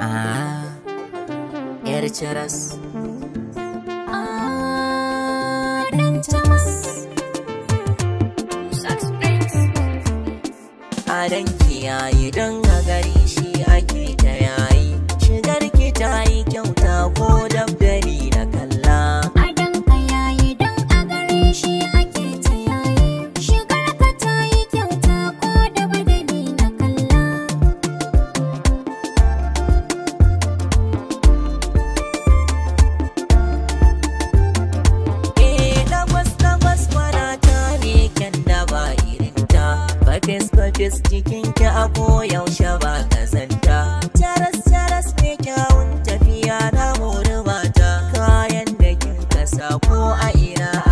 Ah, yar caras. Ah, dan caras. A dan kiyaye don a shi ake taya. ofis jikinki a koyaushe ba kazanta. Caras caras ne kyawun tafiya na mori kayan da kin kasa ko a ina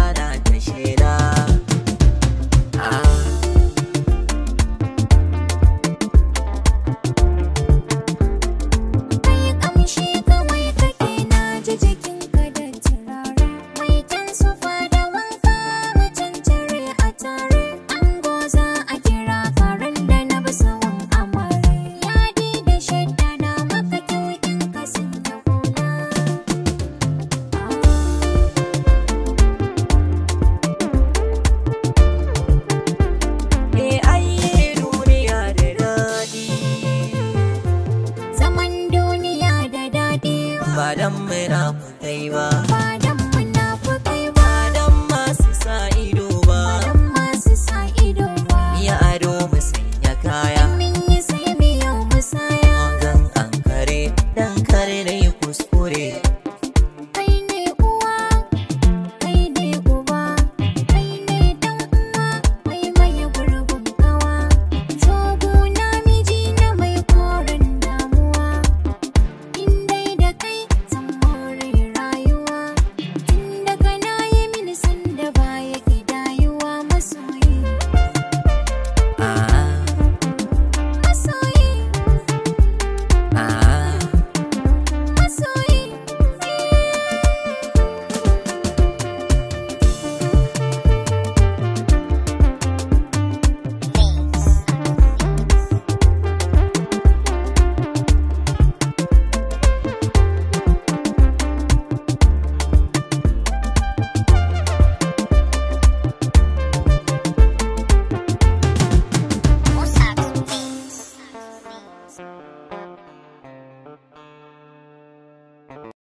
ba dan munafukai ba